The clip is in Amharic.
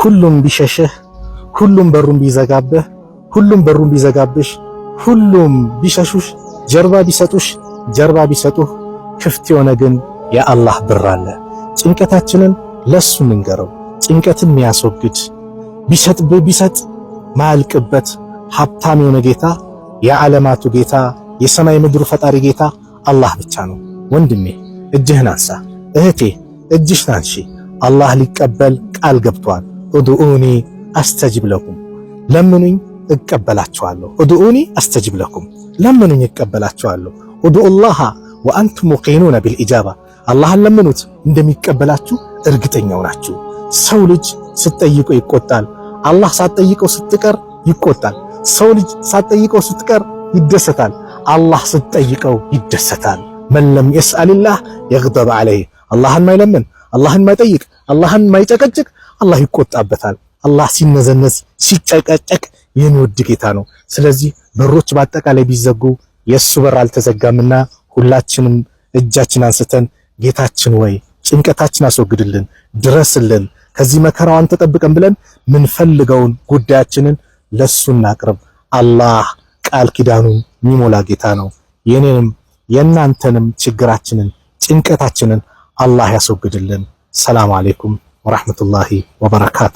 ሁሉም ቢሸሽህ፣ ሁሉም በሩን ቢዘጋብህ፣ ሁሉም በሩን ቢዘጋብሽ፣ ሁሉም ቢሸሹሽ፣ ጀርባ ቢሰጡሽ፣ ጀርባ ቢሰጡህ፣ ክፍት የሆነ ግን የአላህ በር አለ። ጭንቀታችንን ለሱ ምንገረው። ጭንቀትን የሚያስወግድ ቢሰጥ ቢሰጥ ማያልቅበት ሀብታም የሆነ ጌታ፣ የዓለማቱ ጌታ፣ የሰማይ ምድሩ ፈጣሪ ጌታ አላህ ብቻ ነው። ወንድሜ እጅህን አንሳ፣ እህቴ እጅሽን አንሺ። አላህ ሊቀበል ቃል ገብቷል። ኡድኡኒ አስተጅብ ለኩም ለምኑኝ እቀበላችኋለሁ። ኡድኡኒ አስተጅብ ለኩም ለምኑኝ እቀበላችኋለሁ። ኡድኡላሃ ወአንቱም ሙቂኑነ ቢልኢጃባ አላህን ለምኑት እንደሚቀበላችሁ እርግጠኛው ናችሁ። ሰው ልጅ ስትጠይቀው ይቆጣል። አላህ ሳትጠይቀው ስትቀር ይቆጣል። ሰው ልጅ ሳትጠይቀው ስትቀር ይደሰታል። አላህ ስትጠይቀው ይደሰታል። መን ለም የስአልላህ የግደብ ዓለይህ አላህን ማይለምን አላህን ማይጠይቅ አላህን ማይጨቀጭቅ አላህ ይቆጣበታል። አላህ ሲነዘነዝ ሲጨቀጨቅ የሚወድ ጌታ ነው። ስለዚህ በሮች በአጠቃላይ ቢዘጉ የእሱ በር አልተዘጋምና ሁላችንም እጃችን አንስተን ጌታችን ወይ ጭንቀታችን አስወግድልን፣ ድረስልን፣ ከዚህ መከራዋን ተጠብቀን ብለን ምንፈልገውን ጉዳያችንን ለሱ እናቅርብ። አላህ ቃል ኪዳኑን የሚሞላ ጌታ ነው። የኔንም የእናንተንም ችግራችንን ጭንቀታችንን አላህ ያስወግድልን። ሰላም አሌይኩም ወራህመቱላሂ ወበረካቱ።